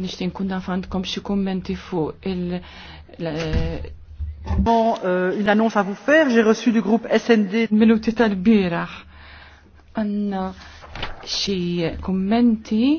Nishtin kun għandkom xi kommenti fu il- Bon, euh, une annonce à vous faire. J'ai reçu du groupe SND. Minuti tal-biraħ. Għanna xie kummenti